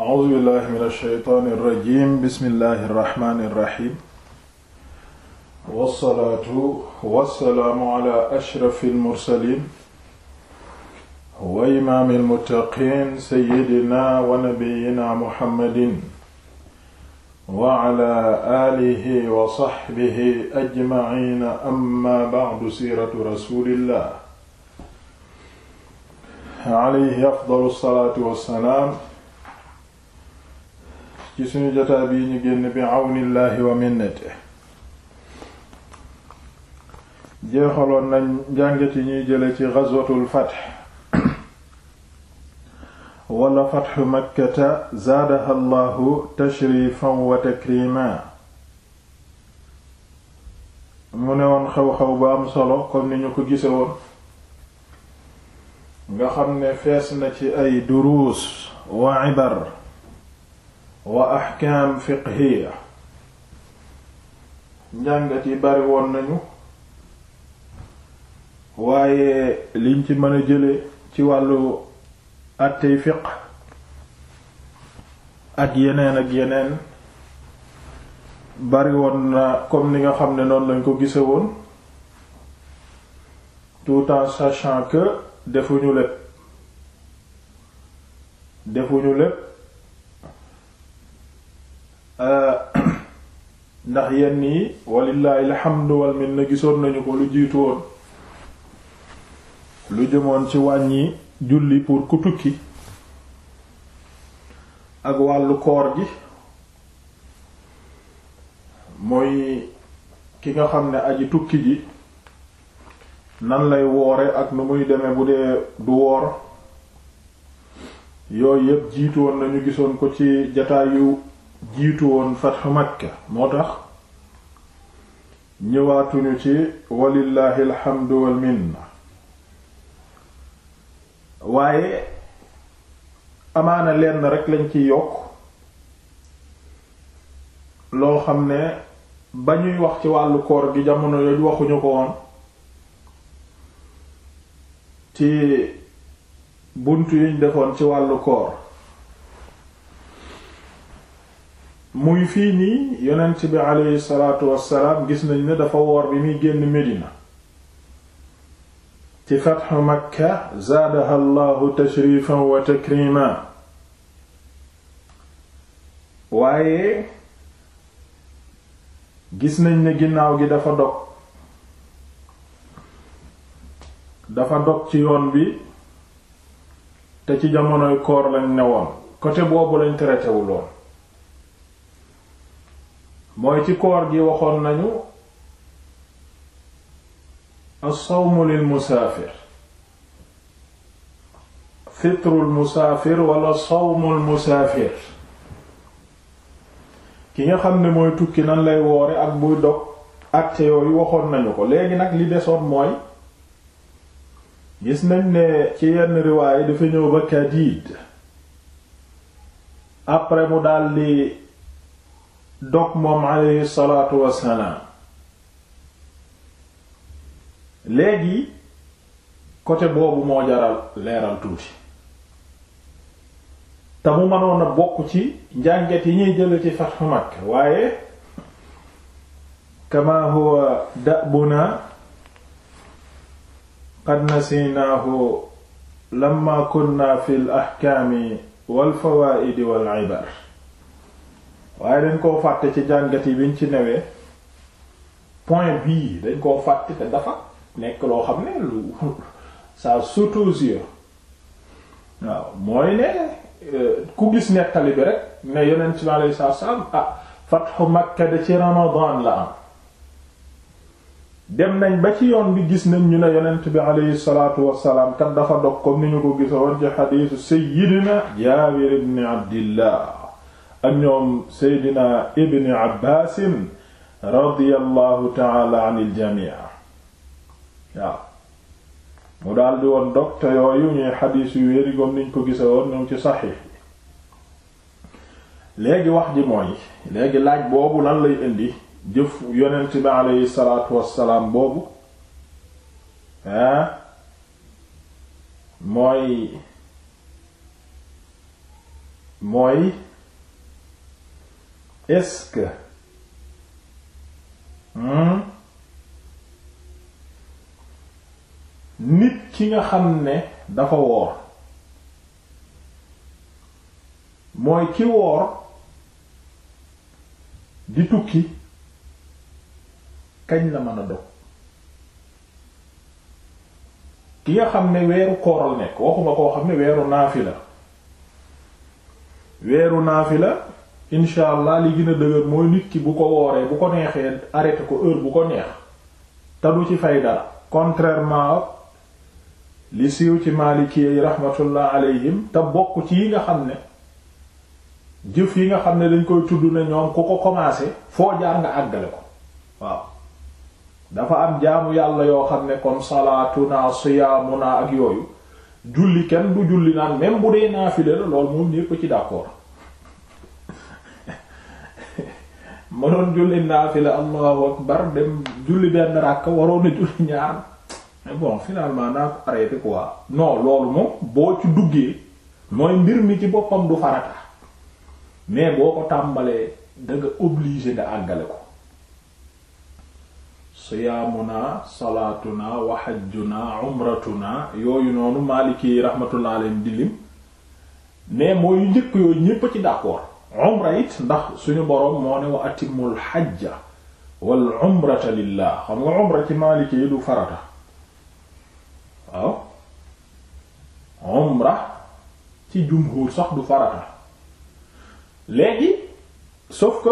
a'uuzu billahi min ash-shaytaani irrajim bismillahi irrahmani irrahim wassalaatu wassalaamu ala ashraf almursalin wa imaami almuttaqiin sayyidina wa nabiyyina muhammadin wa ala aalihi wa sahbihi ajmaciina amma bacdu siiratu rasuulillah alayhi afdalu salaatu wassalaam ci suñu jotaa bii ñu génn bi àwnillaahi wa minnate jeexaloon nañ njànget yi ñuy jële ci ghazwatul fath wala fatxu makkata zaadaha allahu tashrifan wa takrima mu ne woon xew-xew ba am solo comme ni ñu ko gise woon nga xam ne fees na ci ay duruus wa ibar waa axkaam fiqhiya njàngat yi bari woon nañu waaye liñ ci mën a jële ci wàllu àttey fiq ak yeneen ak yeneen bari woon na comme ni nga xam ne noonu lañ ko gise woon tout en sachant que defuñu lépp defuñu lépp Euh, ndax yenn yi walillahi alhamdu wal minna gisoon nañu ko lu jiitu woon lu jëmoon ci wàññi julli pour ku tukki ak wàllu koor gi mooy ki nga xam ne aji tukki ji nan lay woore ak nu muy demee bu dee du woor yooyu yépp jiitoon nañu gisoon ko ci jataayu jiitu woon fatxu makka moo tax ñëwaatuñu ci walillahi alhamdu wal minna waaye amaana lenn rekk lañ ci yokk loo xam ne ba ñuy wax ci wàllu koor gi jamono yooyu waxuñu ko woon ci bunt yuñ defoon ci wàllu koor muy fii nii yonent bi aleyhi salaatu wassalaam gis nañ ne dafa woor bi muy génn Medina ci fatxu Makka zaadaha llahu tashrifan wa waaye gis nañ ne ginnaaw gi dafa dog dafa dog ci yoon bi te ci jamonoy koor lañ newoon côté boobu lañ traité wu mooy ci koor gi waxoon nañu as-sawmu lil musaafir fitrul musaafir wala sawmul musaafir ki nga xam ne mooy tukki nan lay woore ak buy dog acte yooyu waxoon nañu ko léegi nag li desoon mooy gis nañ ne ci yenn riwaay fi ñëw ba kadiid après mu daldi dog moom aleyhi salaatu wassalaam léegi côté boobu moo jaral leeral tuuti te mu mënoon a bokk ci njànget yi ñuy jël ci Fathu Makka waaye kama huwa dabuna qad nasinaahu lamma kunna fi al ahkaami wal fawaa'idi wal waaye dañ koo fàtte ci jàngat yi ñu ci newee point bii dañ koo fàtte te dafa nekk loo xam ne lu ça saute aux waaw mooy ne euh, ku gis nettali bi rek ne yonent bi alayhi salaatu salaam ah fatxu Makka ci Ramadan la am dem nañ ba ci yoon bi gis nañ ñu ne yonent bi alayhi salaatu wassalaam kat dafa dog comme ni ñu ko gisoon ci xadiisu Seyyidina Jaabir ibn Abdillah ak ñoom seydina ibni abbaasin radiyallahu taala an iljamii waaw mu daldi woon dokte yooyu ñuy xadiis yu wérigoom niñ ko gisa woon ñoom ci saxiix yi léegi wax ji mooy léegi laaj boobu lan lay indi jëf yonent bi aleyhi salaatu wassalaam boobu mooy mooy est-ce hmm? nit ki nga xam ne dafa woor mooy ki woor di tukki kañ la mën a dog ki nga xam ne weeru kooral nekk waxuma koo xam ne weeru naafila weeru naafila incha allah li gën dëgër mooy nit ki bu ko wooree bu ko neexee arrêté ko heure bu ko neex te du ci fay dara contrairement li siiw ci maliki yi rahmatullah alayhim te bokk ci yi nga xam ne jëf yi nga xam ne dañ koy tudd ne ñoom ku ko commencé foo jaar nga àggale ko waaw dafa am jaamu yàlla yoo xam ne comme salaatuna naa ak yooyu julli kenn du julli naan même bu dee naafile la loolu moom ñépp ci d'accord mënoon julli naafila allahu akbar dem julli benn ràkk waroon a julli ñaar mais bon finalement naa ko arrêté quoi non loolu moom boo ci duggee mooy mbir mi ci boppam du farata mais boo ko tàmbalee da nga obligé nga àggale ko siyaamunaa salaatuna wa hajjuna na yooyu noonu maaliki rahmatullah alayhi di lim mais mooy njëkk yooyu ñépp a ci d'accord umra it ndax suñu boroom moo ne wa atimul xajja wal xam nga umra ci maaliki yi du farata waaw umra ci jumhur sax du farata léegi sauf que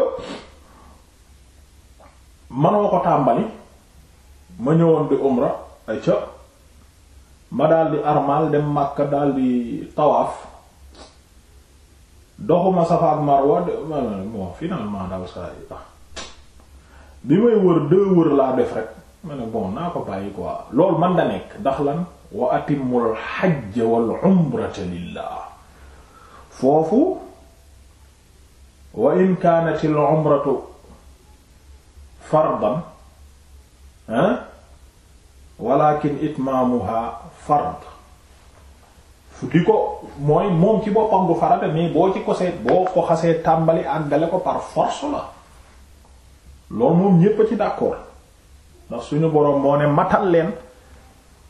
manoo ko tàmbali ma ñëwoon di umra ay ca ma daldi armal dem Makka daldi tawaaf doxuma Safa ak Marwa bon finalement daal saa yi ah. bi may wër deux laa def rek ma naa ko bàyyi quoi loolu man da nekk ndax wa atimmul hajj wal umrata lillah foofu wa in kaanat al umratu fardan ah itmaamuha fard di ko mooy moom ci boppam du farata mais boo ci ko seet boo ko xasee tàmbali àggale ko par force la loolu moom ñépp a ci d'accord ndax suñu boroom moo ne matal leen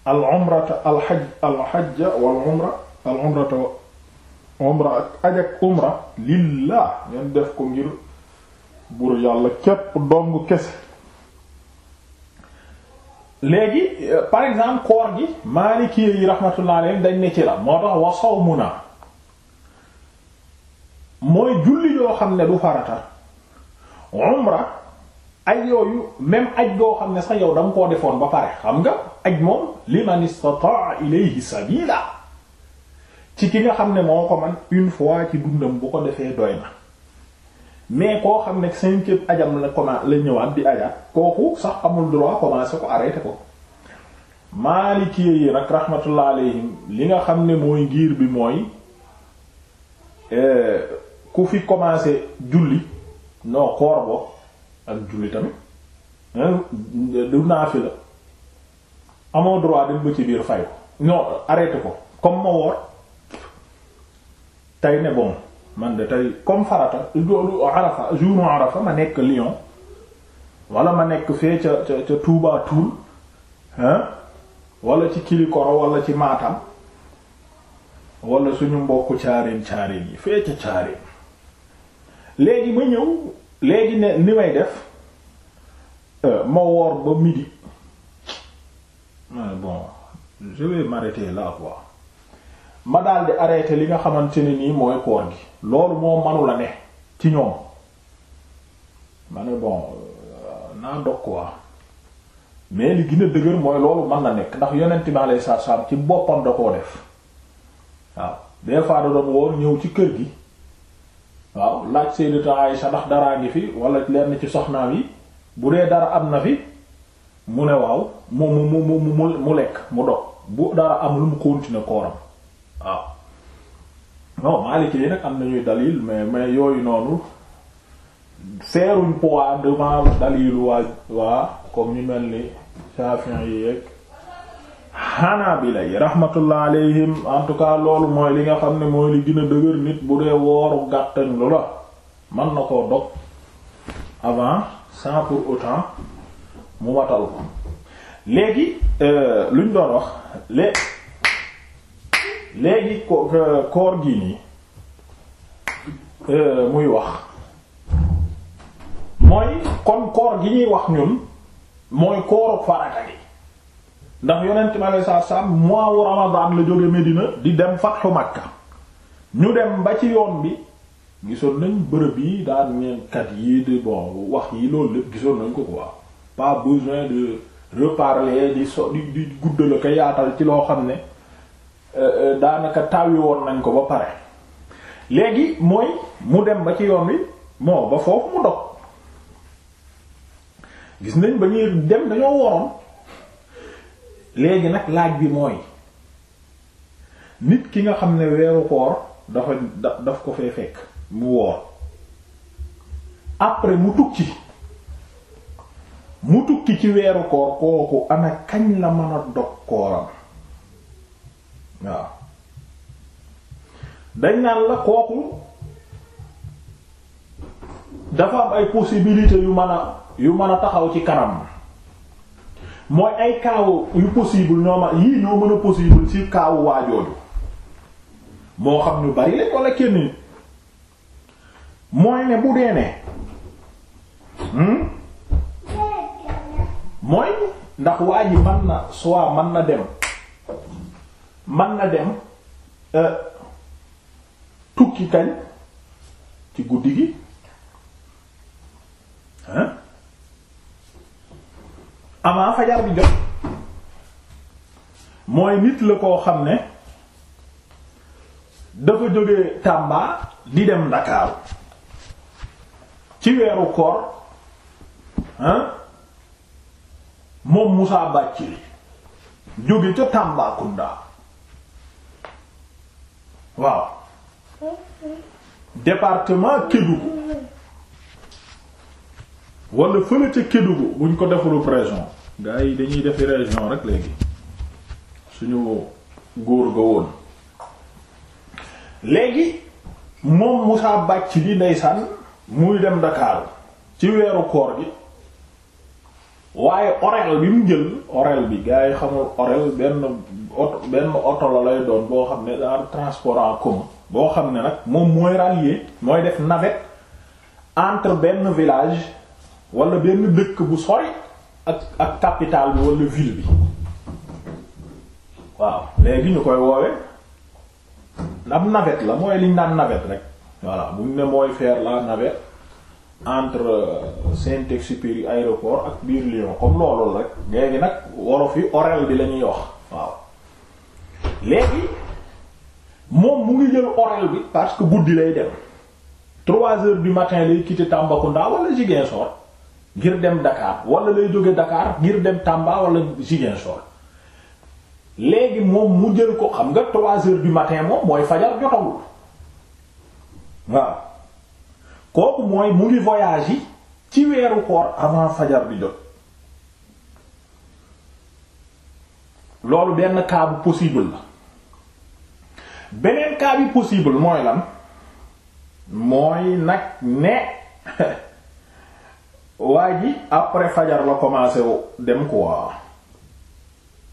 al umrata al hajj al hajj wal umra ak aj ak umra lillah def ko ngir buur yàlla képp dong kese léegi euh, par exemple koor gi maaliki yi rahmatullah alayhi dañ ne ci la moo tax wa sawmuna mooy julli yoo xam ne du farata umra aj yooyu même aj goo xam ne sax yow danga koo defoon ba pare xam nga aj moom liman istata'a ilayhi sabila ci ki nga xam ne moo ko man une fois ci dundam bu ko defee doy na mais koo xam ne cinquième ajam la commencé la ñëwaat di ajaat kooku sax amul droit commencé ko arrêté ko maaliki kii nag rahmatullah alayhim li nga xam ne mooy ngir bi mooy euh, ku fi commencé julli non koor bo ak julli tamit du naafi la amoo droit dem ba ci biir fay ko non arrêté ko comme ma woor tey ne bon man de tey comme farata loolu arafa ma nekk Lyon wala ma nekk fee ca ca ca Touba Toul hein wala ci Kilikoro wala ci Matam wala suñu mbokku caareen caareen yi fee ca caareen léegi ma ñëw léegi ne ni may def euh, ma woor ba midi bon je vais m'arrêter là ma daal di arrêté li nga xamante ne nii mooy koor gi loolu moo manula ne ci ñoom ma ne bon euh, naa dog quoi mais li gën a dëgër mooy loolu mën na nekk ndax yonent bi lay salaatu salaam ci boppam da koo def waaw des fois da doon woor ñëw ci kër gi waaw laaj Sayyidatu Aïsha ndax daraa ngi fi walla lenn ci soxnaam yi bu dee dara am na fi mu ne waaw mu mu mu mu mu lekk mu dog bu dara am lu mu na kooram waaw ah. non Maliki yi nag am nañuy dalil mais mais yooyu noonu feeruñ poids devant dalilu waa waa comme ñu mel ni Shafi'i yi yeeg Hanabila yi rahmatullah alayhim en tout cas loolu mooy li nga xam ne mooy li gën a dëgër nit bu dee wooru gàttañ lu la mën na ko dog avant sans pour autant mu watal ko léegi euh, luñ doon wax léegi ko euh, koor gi nii euh, muy wax mooy kon koor gi ñuy wax ñun mooy kooru farata gi ndax yonent mi alayhi salaatu salaam mois wu ramadan la jóge Medina di dem fatxu Makka ñu dem ba ci yoon bi gisoon nañ bërëb yi daan neen kat yi di bon wax yi loolu lépp gisoon nañ ko quoi pas besoin de reparler di so di guddal ko yaatal ci loo xam ne Euh, euh, daanaka taawi woon nañ ko ba pare léegi mooy mu dem ba ci yoon wi moo ba foofu mu dog gis nañ ba ñuy dem dañoo woroon léegi nag laaj bi mooy nit ki nga xam ne weeru koor dafa daf ko fee fekk mu woor après mu tukki mu tukki ci weeru koor kooku ana kañ la mën a dog kooram waaw dañ naan la kooku dafa am ay possibilité yu man a yu man a taxaw ci kanam mooy ay kaaw yu possible ñoo ma yii ñoo mën a possible ci kaawu waajooju moo xam ñu bari lañ wala kenn nit mooy ne bu dee ne hmm? mooy ndax waa ji man na soit mën na dem man na dem euh, tukki kañ ci guddi gi hein amaa fajar bi jot mooy nit la koo xam ne dafa jóge Tamba di dem Ndakaaru ci weeru koor hein moom Moussa Bathily jóge ca Tambacounda waaw département Kédougou wala fële ca Kédougou buñ ko defulu région gars yi dañuy defi région rek léegi suñu góor ga woon léegi moom Moussa bàcc li ndeysaan muy dem Dakar ci weeru koor gi waaye orel bi mu jël orel bi gaa yi xamul orel benn oto benn oto la lay doon boo xam ne daal transport en commun boo xam ne nag moom mooy rallier mooy def navette entre benn village wala benn dëkk bu sori ak ak capitale bi wala ville bi waaw léegi ñu koy woowe am navette la mooy liñ naan navette rek voilà bu ñu ne mooy faire la navette entre euh, Saint-Exupéry aéroport ak biir Lyon comme loolu rek léegi nag wolof yi orel bi la ñuy wax. léegi moom mu ngi jël orel bi parce que guddi lay dem trois heures du matin lay quitter Tambacounda wala Ziguinchor ngir dem Dakar wala lay jóge Dakar ngir dem Tamba wala Ziguinchor léegi moom mu jël ko xam nga trois heures du matin moom mooy fajar jotawul waaw kooku mooy mu ngi voyage yi ci weeru koor avant fajar di jot loolu benn cas bu possible la beneen cas bi possible mooy lan mooy nag ne waa ji après fajar la commencé dem quoi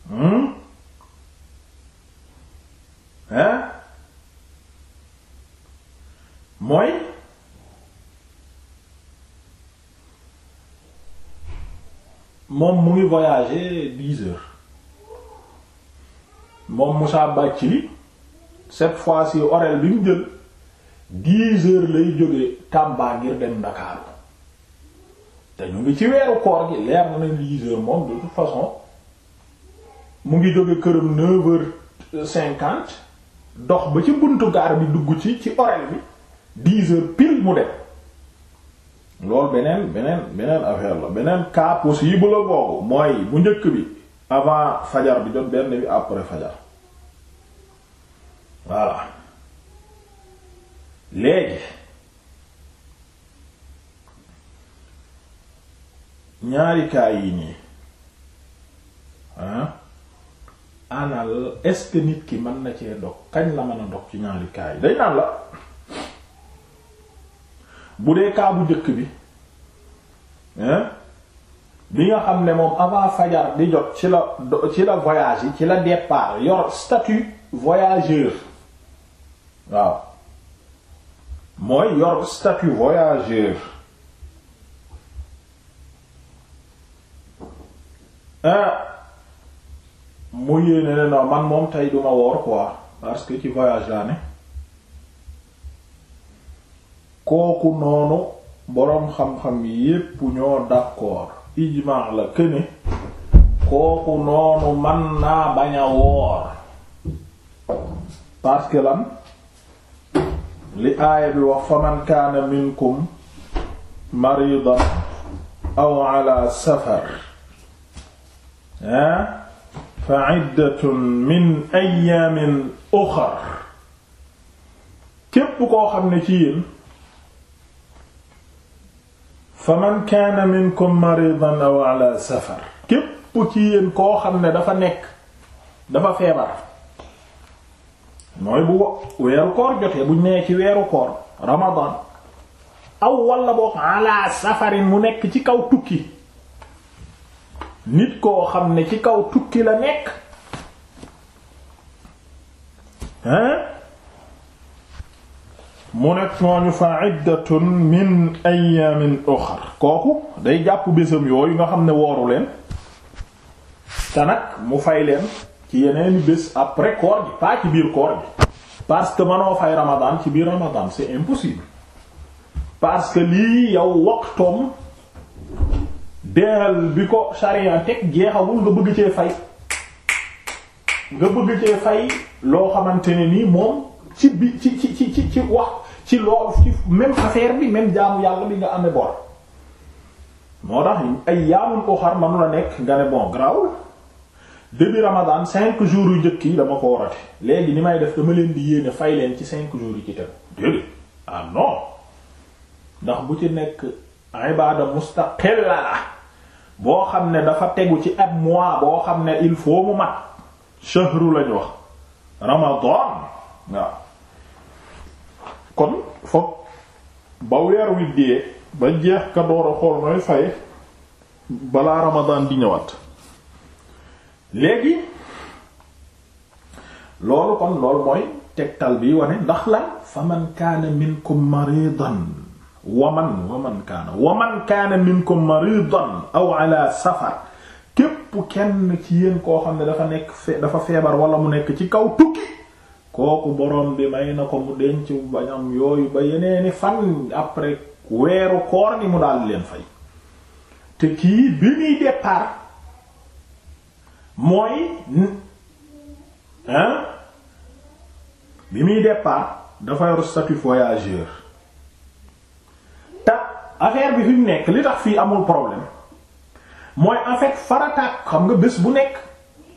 hmm hein mooy moom mu ngi voyager dix heures moom Moussa Bàcci cette fois-ci orel bi mu jël dix heures lay jóge Tamba ngir dem Dakar te ñu ngi ci weeru koor gi leer na ne dix heures moom de toute façon mu ngi jóge këram neuf heures cinquante dox ba ci buntu gaar bi dugg ci ci orel bi dix heures pile mu dem loolu beneen beneen beneen affaire la beneen cas possible la boobu mooy bu njëkk bi avant fajar bi jot benn bi après fajar voilà léegi ñaari kaa yi nii anal est nit ki mën na cee dog kañ la mën a dog ci ñaari kaa yi dañ naan la bu dee kaa jëkk bi hein bi nga xam ne moom avant fajar di jot ci la ci la voyage yi ci la départ yor statut voyageur waaw mooy yor statut voyageur ah. mu yéene ne non man moom tey duma woor quoi parce que ci voyage laa ne kooku noonu boroom xam-xam yépp ñoo d'accord ijmaa la këne kooku noonu man naa bañ a woor parce que lan li aaya bi wax faman kaana minkum maridan aw safar ah fa iddatun min koo xam ne ci yéen faman kaana minkum maridan aw safar képp ci yéen koo xam ne dafa nekk dafa feebar mooy bu weeru koor jotee buñ nee ci weeru koor ramadan aw walla boo ala safarin mu nekk ci kaw tukki nit koo xam ne ci kaw tukki la nekk hein mu nekk ñooñu fa iddatun min ayamin uxar kooku day jàpp bésam yooyu nga xam ne wooru leen sa nag mu fay leen ci yeneeni bés après koor gi ci biir koor parce que manoo fay ramadan ci biir ramadan c'est impossible parce que lii yow waxtoom deeral bi ko sharia teg jeexawul nga bëgg cee fay nga bëgg cee fay loo xamante ne nii moom ci bi ci ci ci ci wax ci loolu ci même affaire bi même jaamu yàlla bi nga amee bor moo tax ay yaamul ko xar manu la nekk nga ne bon grawul début ramadan cinq jours yu njëkk yi dama ko warate léegi ni may def dama leen di yéene fay leen ci cinq jours yi ci tegu déedéet ah non ndax bu ci nekk ibada mustaqilla la boo xam ne dafa tegu ci ab mois boo xam ne il faut mu mat shahru lañu wax ramadan waaw kon foog ba weer wi dee ba jeex ka door xool nooy fay balaa ramadan di ñëwaat léegi loolu kon loolu mooy tegtal bi wane ndax la fa man kaana minkum maridan waman waman kaana waman kaana minkum maridan aw ala safar képp kenn ci yéen koo xam ne dafa nekk fe dafa feebar wala mu nekk ci kaw tukki kooku borom bi may na ko mu denc bañam yooyu ba yeneeni fan après weeru koor ni mu daal leen fay te kii bi muy départ mooy hein bi muy départ dafa yor voyageur te affaire bi fi nekk li tax fii amul problème mooy en fait xam nga bés bu nekk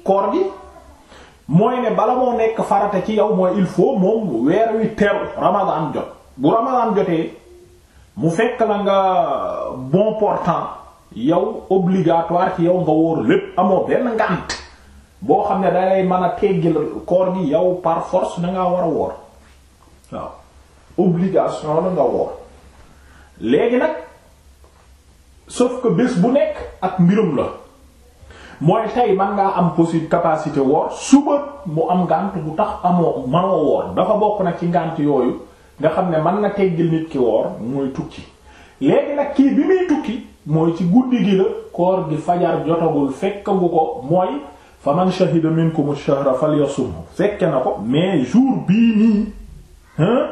koor gi mooy ne bala moo nekk farata ci yow mooy il faut moom weer wi teru ramadan jot bu ramadan jotee mu fekk la nga bon portant yow obligatoire ci yow nga wóor lépp amoo benn ngànt boo xam ne dalay man a teggil koor gi yow par force ngaa war a woor waaw obligation la nga woor léegi nag sauf ko bés bu nekk ak mbirum la mooy tey man ngaa am possible capacité woor suba mu am ngànt bu tax amoo manoo woor dafa bokk nag ci ngànt yooyu nga xam ne mën na teggil nit ki woor mooy tukki léegi nag kii bi muy tukki mooy ci guddi gi la koor gi fajar jotagul fekkagu ko mooy fa man shahida minkum ash-shahra falyasumhu fekke na ko mais jour bii nii hein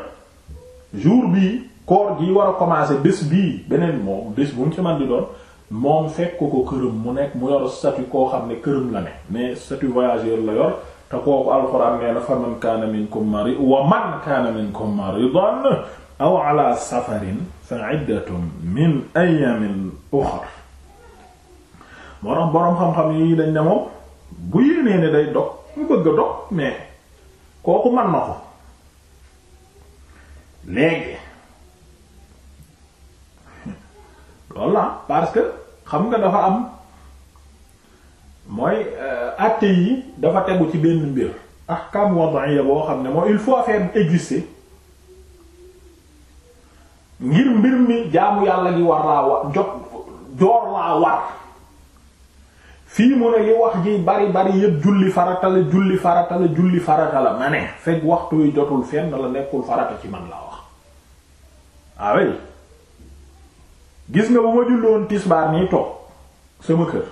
jour bii koor gi war a commencer bés bii beneen moom bés bu mu ci man di doon moom fekk ko këram mu nekk mu yor statut koo xam ne këram la ne mais statut voyageur la yor te kooku alxuraan nee na fa man kaana minkum mari wa man kaana minkum maridan aw ala safarin fa iddatun min ayaamin uxar moo tax boroom xam-xam yi dañ ne moom bu yéenee ne day dog mu bëgg a dog mais kooku mën na ko léegi loolu la parce que xam nga dafa am mooy àtte euh, yi dafa tegu ci benn mbir ahkam wad'iyya boo xam ne mooy il faut faire exister ngir mbir mi jaamu yàlla gi war laa war jot joor laa war fii mu ne li wax ji bari bari yépp julli farata la julli farata la ma ne fekk waxtu wi jotul fenn la nekkul farata ci man laa wax awey ah gis nga bu ma julloon tisbaar nii toog sama kër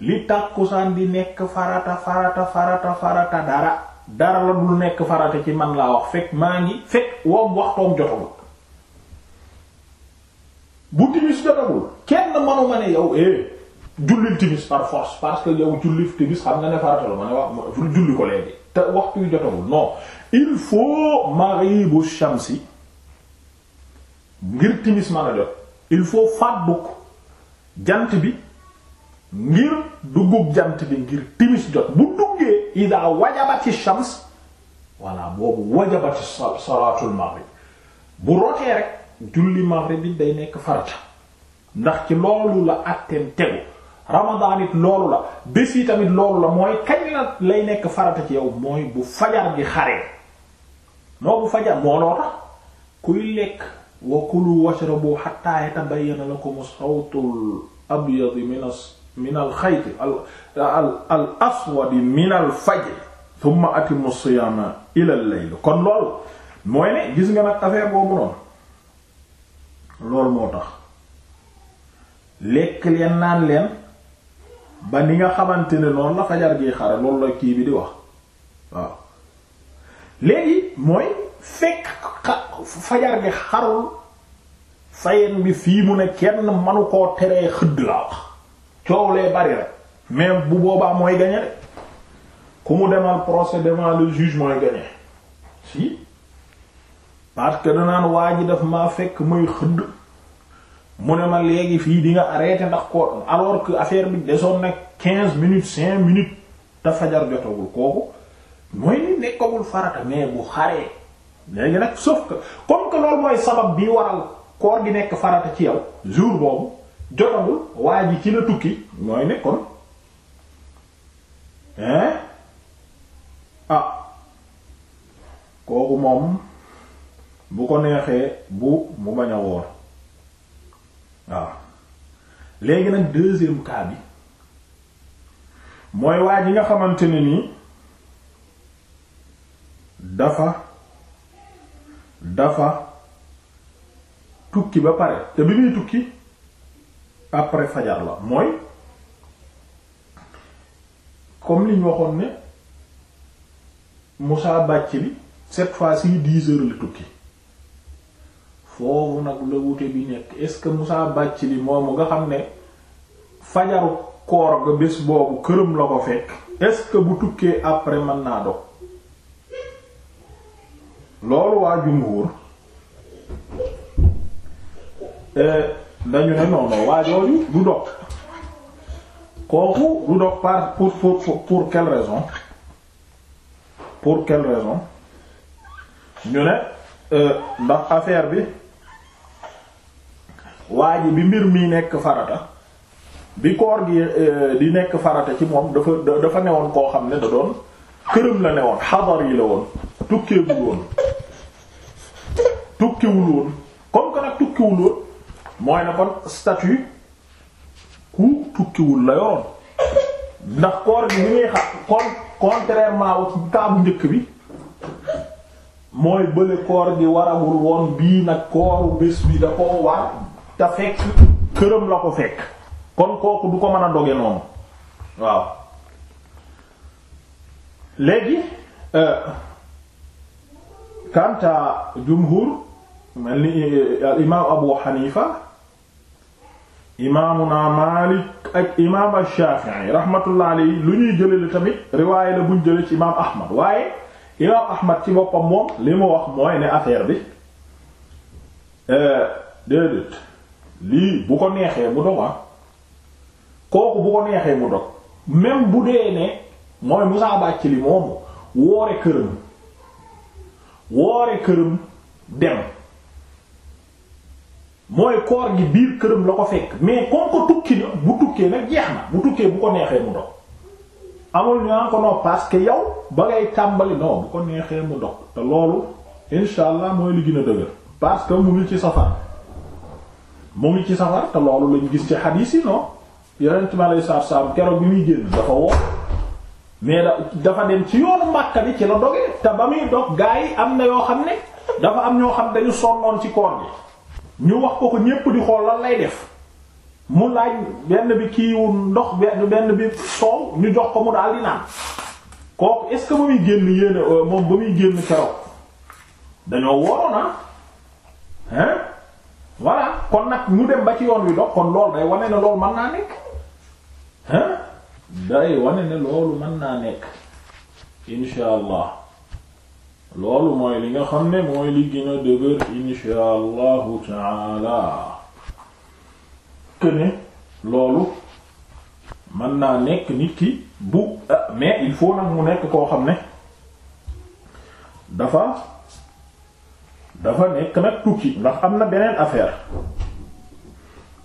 li tàkkusaan di nekk farata farata farata dara dara la dul nekk farata ci man laa wax fekk maa ngi fekk woom waxtoom jotul bu timis jotagul kenn manu ma ne yow eh jullil timis par force parce que yow julli timis xam nga ne farata ma ne wax fu julli ko léegi te waxtu yu jotagul non il faut maghribu shamsi ngir timis mën a jot il faut faat jant bi ngir duggub jant bi ngir timis jot bu duggee ida wajabati shams walla boobu wajabati salaatul maghrib bu rotee rek julli maghrib it day nekk farata ndax ci loolu la atteem tegu ramadaan it loolu la bés yi tamit loolu la mooy kañ la lay nekk farata ci yow mooy bu fajar gi xaree noo bu fajar moo loo kuy lekk wa kulu washrabu hatta yatabayyana lakum sawtul abyad min min al xayt al aswad min al fajr thumma atimmu siyaama ila al kon loolu mooy ne gis nga nag affaire boobu noonu loolu moo tax lekk leen naan leen ba ni nga xamante ne noonu la fajar gi xare loolu la kii bi di wax waaw léegi mooy fekk fajar gi xarul fayen bi fii mu ne kenn manu koo teree xëdd laa wax coow lee bari rek mais bu boobaa mooy gagné de ku mu demal procès devant le juge mooy gagné parce que danaan waa ji daf maa fekk may xëdd mu ne ma léegi fii dinga nga ndax ko alors que affaire bi desoon nag quinze minutes cinq minutes te fajar jotagul kooku mooy ni farata mais bu xaree léegi nag sauf que comme que loolu mooy sabab bi waral koor gi nekk farata ci yow jour boobu jotagul waa ji ci la tukki mooy ne kon ah kooku moom bu ko neexee bu mu bañ a woor waaw léegi nag deuxième cas bi mooy waa ji nga xamante ne ni dafa dafa tukki ba pare te bi muy tukki après fajar la mooy comme liñ waxoon ne Moussa bàcc bi cette fois-ci dix heures la tukki foofu nag la wute bi nekk est ce que Moussa bàcc li moomu nga xam ne fajaru koor ga bés boobu këram la ko fekk est ce que bu tukkee après mën naa dog loolu waa jumhur eh, dañu ne noonu waa jooju du dog kooku du dog par pour pour pour quelle raison pour quelle raison ñu ne eh, ndax affaire bi waa ji bi mbir mi nekk farata bi koor gi euh, di nekk farata ci moom dafa dafa newoon koo xam ne da doon këram la newoon xadar yi la woon tukkeewul woon tukkiwul woon comme que nag tukkiwul woon mooy na kon statut ku tukkiwul la yoroon ndax koor gi ni muy xam contrairement kaabu njëkk bi mooy bële koor gi warawul woon bii nag kooru bés bi da ko war te fekk këram la ko fekk kon kooku du ko mën a doge noonu waaw léegi kanta euh, jumhur ni euh, al imaam abu xanifa imaamuna malik imaam al shafii rahmatullah alayhi lu ñuy jële la tamit riwaaye la buñ jële ci imaam ahmad waaye imaam ahmad ci boppam moom li wax mooy ne affaire bi euh, déedéet lii bu ko neexee mu dog ah kooku bu ko neexee mu dog même bu dee ne mooy Moussa bàcc li moomu woore këram woore këram dem mooy koor gi biir këram la ko fekk mais kon ko tukki bu tukkee nag jeex na bu tukkee bu ko neexee mu dog amul ñu am ko non parce yow ba ngay tàmbali non bu ko neexee mu dog te loolu incha mooy li gën dëgër parce mu ngi ci safar mu ngi ci safar te loolu lañu gis ci xadiis yi non yonent mi aleyhi salaatu salaam keroog bi muy génn dafa woo mais dafa dem ci yoonu Makka bi ci la dogee te ba muy dog gaa yi am na yoo xam ne dafa am ñoo xam dañu sonnoon ci koor gi ñu wax ko ko ñépp di xool lan lay def mu laaj benn bi kiiwu ndox benn benn bi soow ñu jox ko mu daal di naan kooku est-ce ba muy génn yéen euh, moom ba muy génn keroog dañoo woroona ah? hein waa kon nag mu dem ba ci yoon wi dox kon loolu day wane ne loolu mën naa nekk hein loolu mooy li nga xam ne mooy li gën a dëgër insha allahu këne loolu mën naa nekk nit ki bu ah, mais il faut nag mu nekk koo xam ne dafa dafa nekk nag tukki ndax am na beneen affaire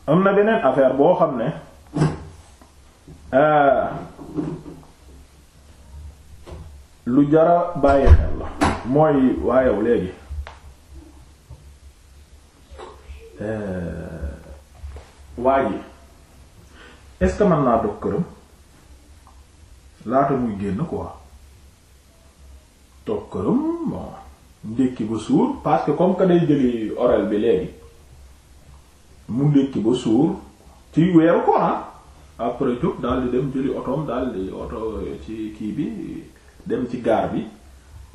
am na beneen affaire boo xam ne euh, lu jara bàyyi xel la mooy waayow léegi euh, waa ji est-ce que mën naa dog këram laata muy génn quoi toog këram bon ndékki ba suur parce que comme que day jëli oral bi léegi mu ndékki ba suur ci weeru ko ah après jóg daal di dem jëli otoom daal di oto ci kii bi dem ci gaar bi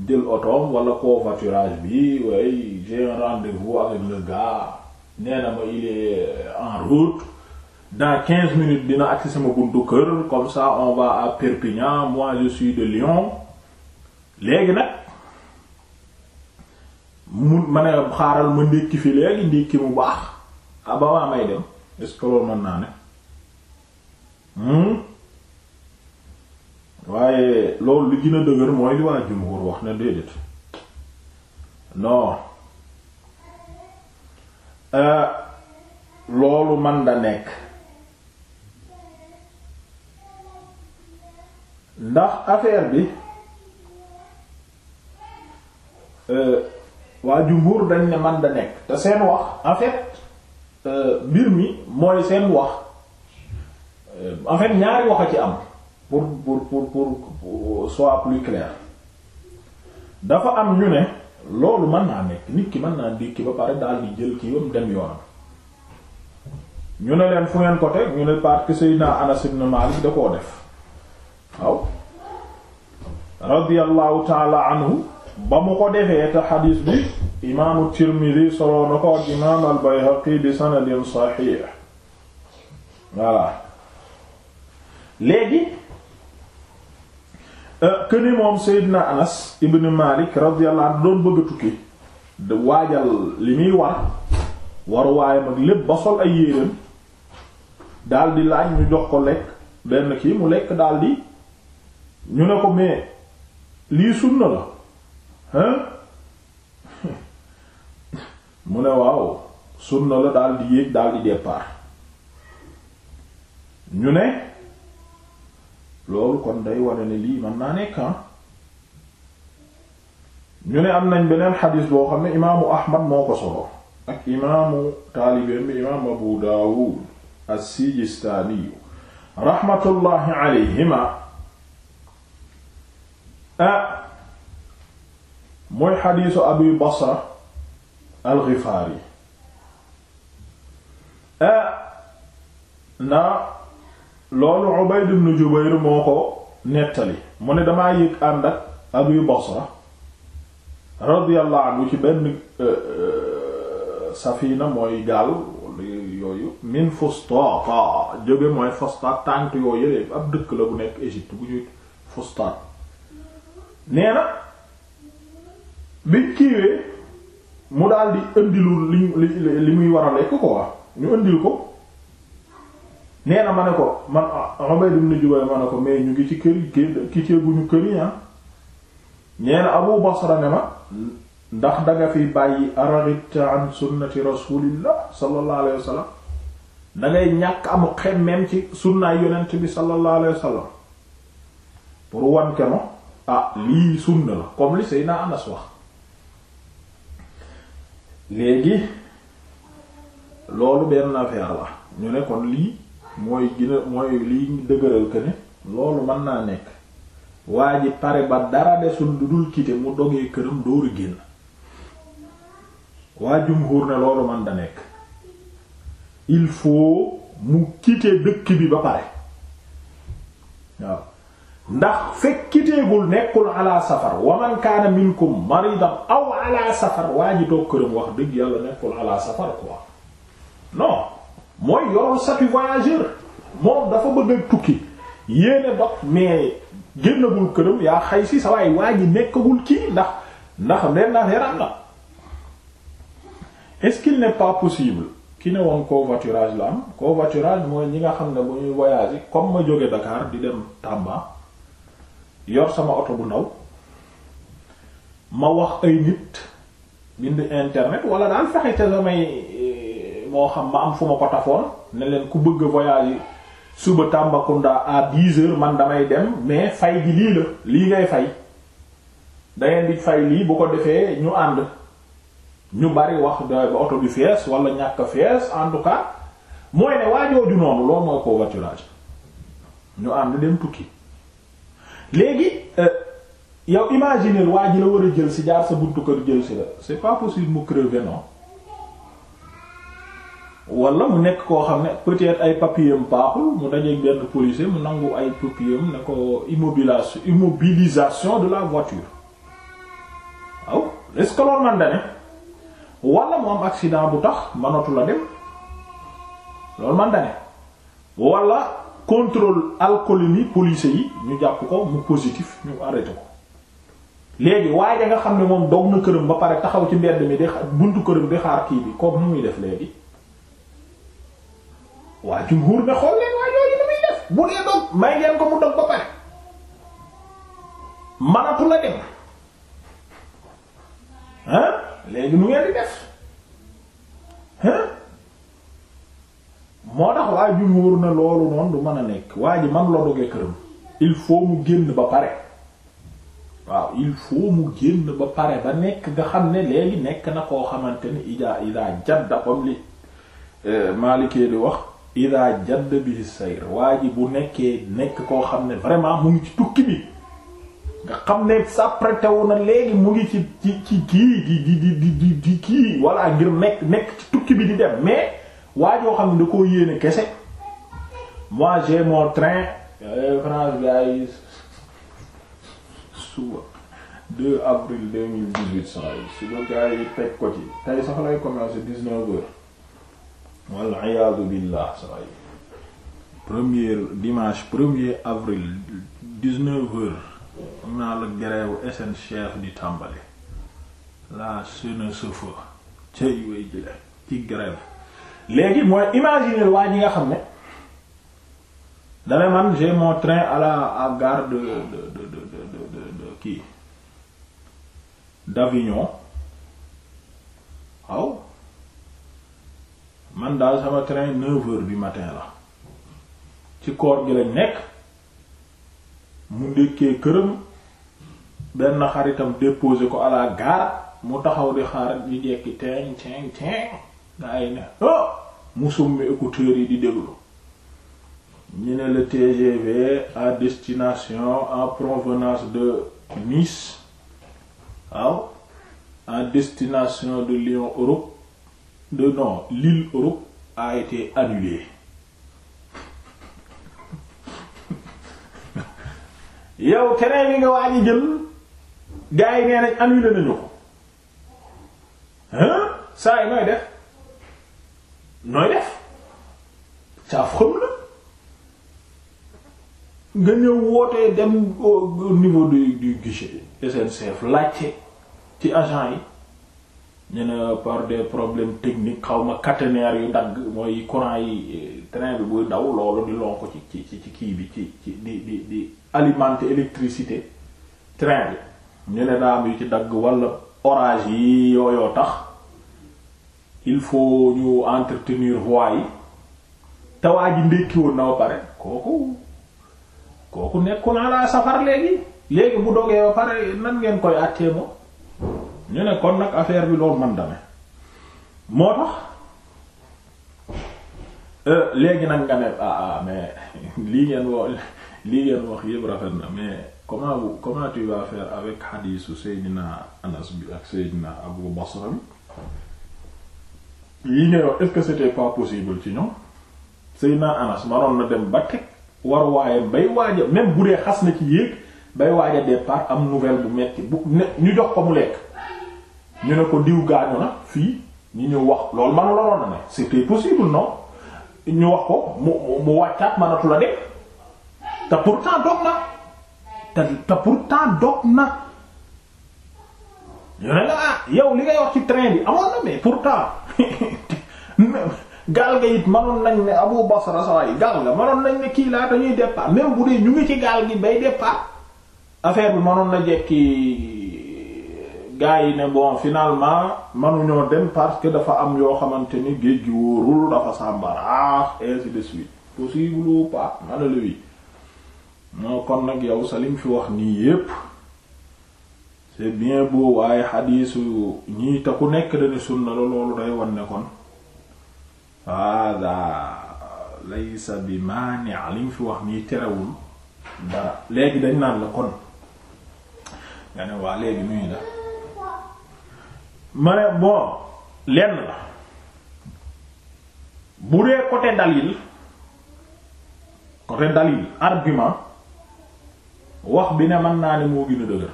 jël otoom wala covoiturage bi way j'ai un rendez-vous avec le gars ma il en route dans quinze minutes dina agsi sama buntu kër comme ça on va à Perpignan moi je suis de Lyon léegi nag mu ma xaaral ma ndékki fi léegi ndékki bu baax abawaa ah, may dem est-ce que loolu mën naa ne hmm? waaye loolu li gën a dëgër mooy li waa jumhur wax na déedéet non euh, loolu man da nekk ndax affaire bi euh, waa jumhur dañ ne man da nekk te seen wax en euh, mbir mi mooy seen wax euh, en fait ñaari wax a ci am pour pour pour soit plus clair dafa am ñu ne loolu mën naa nekk nit ki mën naa dékki ba pare daal di jël ki yom dem yoonam ñu ne leen fu ngeen ko teg ñu ne parce que Seydina Anas Malik da koo def waaw radiyallahu ta'ala anhu ba mu ko defee te xadiis bi imaamu Tirmidi soloo na ko ak imaam al bi sanadin saxiix voilà léegi këni euh, moom na Anas ibn Malik radiyallahu anhu doon bëgg tukki da waajal li muy war waruwaayam ak lépp ba sol ay yéreem daldi laaj ñu jox ko lekk benn kii mu lekk daldi ñu ne ko mais lii sunna la mu ne waaw sunna la daal di yéeg daal di départ ñu ne loolu kon day wane ne lii man naa nekk ah. ñu ne am nañ beneen xadis boo xam ne imaamu Ahmad moo ko solo ak imaamu taalibeem bi imaam Abu Daawud as-Sijistaani rahmatullahi alayhima ah mooy xadiisu abu basra alxifaari eh, na loolu ubayd ibn jubayr moo ko nettali mu ne damaa yëg ànd ak abu basra radiyallahu anhu ci benn eh, eh, safina mooy gaal yooyu min fustaata jóge mooy fustaat tànt yooyu yëlee ab dëkk la bu nekk Égypte bu ñuy fustaat nee bi kiiwee mu daal di indilul li li muy war a lekk quoi ñu indil ko nee na ma ne ko man ah, Ubayd ibn Jubayr ma ne ko mais ñu ngi ci kër ki ki ceeguñu kër yi ah nee na Abu Basra ne ma ndax danga fi bàyyi araghibta an sunnati rasulillah sallallahu alayhi wa sallam dangay ñàkk amu xem même ci sunnaay yonent bi sallallahu alayhi wa sallam pour wan ke no ah lii sunna la comme li Seydina Anas wax léegi loolu benn affaire la ñu ne kon lii mooy gina mooy lii dëgëral que loolu man naa nekk waa ji pare ba dara desul lu dul kite mu dogee këram dooru génn waa jumhur ne loolu man da nekk il faut mu kite dëkk bi ba pare waaw ndax fekkiteegul nekkul ala safar wa man kaana minkum maridan aw ala safar waa ji toog këram wax dëgg yàlla nekkul ala safar quoi non mooy yorul statut voyageur moom dafa bëgg a tukki yéene dox mais génnagul këram yaa xay si sa waay waa ji nekkagul kii ndax ndax benn affaire na la est-ce qu'il n'est pas possible ki ne woon covoiturage la am covoiturage mooy ñi nga xam ne bu ñuy voyager comme ma jóge Dakar di dem Tamba. yor sama oto bu ndaw ma wax ay nit bind internet wala daal fexe ca samay eh, moo xam ma am fu ma ko tafoon ne leen ku bëgg voyage suba Tambacounda à dix heures man damay dem mais fay gi lii la lii ngay fay dangeen di fay lii bu ko defee ñu ànd ñu bari wax da ba oto bi fees wala ñàkk fees en tout cas mooy ne waajooju noonu loolu mooy covoiturage ñu ànd dem tukki léegi euh, yow imaginer waa ji la war a jël si jaar sa buntu kër jël si la c'est pas possible mu crever non mu nekk koo xam ne peut-être ay papier am baaxul mu dajeeg benn policier mu nangu ay papier am ne ko immobilisation immobilisation de la voiture waaw est-ce que loolu man da ne wala mu am accident bu tax mënatu la dem loolu man da ne contrôle alcoolémie police yi ñu jàpp ko mu positif ñu arrêté ko léegi waaye da nga xam ne moom dog na këram ba pare taxaw ci mbedd mi di buntu këram di xaar kii bi comme nu muy def léegi waa jumhur ne xool leen waa yooyu nu muy def bu dee dog may ngeen ko mu dog ba pare manatu la dem hein léegi nu ngeen di def hein moo tax waa ju wóor na loolu noonu lu mën a nekk waa ji man la doge këram il faut mu génn ba pare waaw il faut mu génn ba pare ba nekk nga xam ne léegi nekk na koo xamante ni ida ida jadda comme li euh, maalikee li wax ida jadd bi sayr waa ji bu nekkee nekk koo xam ne vraiment mu ngi ci tukki bi nga xam ne s'apprêté wu na léegi mu ngi ci ci ci kii di di di di di kii walla ngir nekk nekk ci tukki bi di dem mais waa joo xam ne da koo yéene kese moi j'ai train euh, France gars yi suba 2 avril 2018 saa yi suba gars yi teg ko ci tey sax lay commencer 19 heures walla iyaadu billah saa yi premier dimanche premier avril 19 heures naa la grève SNCF di tàmbali la sene safa cay way jële ci grève léegi mooy imaginer waa ji nga xam ne dana man j'ai mon train à la gare de de de de de kii d'Avignon waaw man daal sama train neuf heures du matin la ci koor gi lañ nekk mu ndékkee këram benn xaritam déposé ko à la gare mu taxaw di xaar di jekki teeŋ teeŋ teeŋ gaa yi ne oh mu summi écouteurs yi di déglu ñu ne le TGV à destination en provenance de Nice waaw à destination de Lyon Europe de non Lille Europe a été yow keneen yi nga waa ji jël gars yi nee nañ annulé nañu ko hein saa yi nooy def nooy def caaf xam la nga ñëw wootee dem niveau du du guichet SNCF laajte ci agent yi ñu ne par des problèmes techniques xaw ma caténaires yu dagg mooy courant yi train bi buy daw loolu di lon ci ci ci kii bi ci ci di di di alimenter électricité train bi ñu ne daam yu ci dagg walla orage yi yooyoo tax il faut ñu entretenir voies yi tawaa ji ndékki woon na ba pare kooku kooku nekkul ala safar léegi léegi bu dogee ba pare nan ngeen koy àttee moom ñu ne kon nag affaire bi loolu man dame moo tax euh, léegi nag nga ne ah ah mais lii ngeen wax lii ngeen wax yëpp rafet na mais comment comment tu vas faire avec xadiisu Seydina Anas bi ak Seydina Abu Basra bi yi ngay wax est-ce que c'était pas possible ci ñoom Seydina Anas manoon na dem ba teg war waaye bay waaja même bu dee xas na ci yéeg bay waaja départ am nouvelle bu metti bu ne ñu jox ko mu lekk ñu ne ko diw gaañu na fii ñu ñu wax loolu man la woon na ne c'était possible non ñu wax ko mu mu wàccaat manatu la dem te pourtant dog na te te pourtant dog na ñu ne la ah yow li ngay wax ci train bi amoon na mais pourtant gaal nga it manoon nañ ne Abu Basra saway gaal nga manoon nañ ne kii laa dañuy départ même bu dee ñu ngi ci gaal gi bay départ affaire bi manoon na jekki gars yi ne bon finalement manuñoo dem parce que dafa am yoo xamante ni géej gi wóorul dafa sàmbaraax ainsi de suite possible ou pas mana la kon nag yow sa fi wax nii yépp c'est bien beau waaye xadiisu ñii te ku nekk dana sunna la loolu day wan ne kon hada laysa bi maani liñ fi wax nii terewul dara léegi dañ naan la kon nga ne waa léegi muy la ma ne bon lenn la bu dee côté dalil côté dalil argument wax bi ne mën naa ne moo gën a dëgër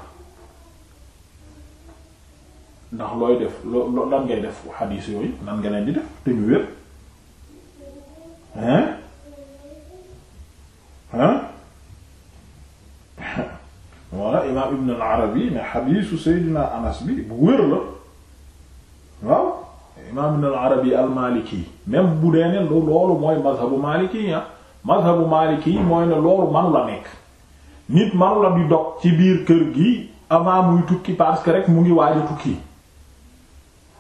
ndax looy def loo lan ngay def xadiis yooyu nan nga leen di def te ñu wér hein hein walla imaam ibn al ne xadiisu seydina anas bi bu wér la waaw imaam ibn al arabi al maliki même bu dee ne loolu mooy mazhabu maliki ah. mazhabu maliki mooy ne loolu manu la nekk nit manu la di dog ci biir kër gi avant muy tukki parce que rek mu ngi waaj a tukki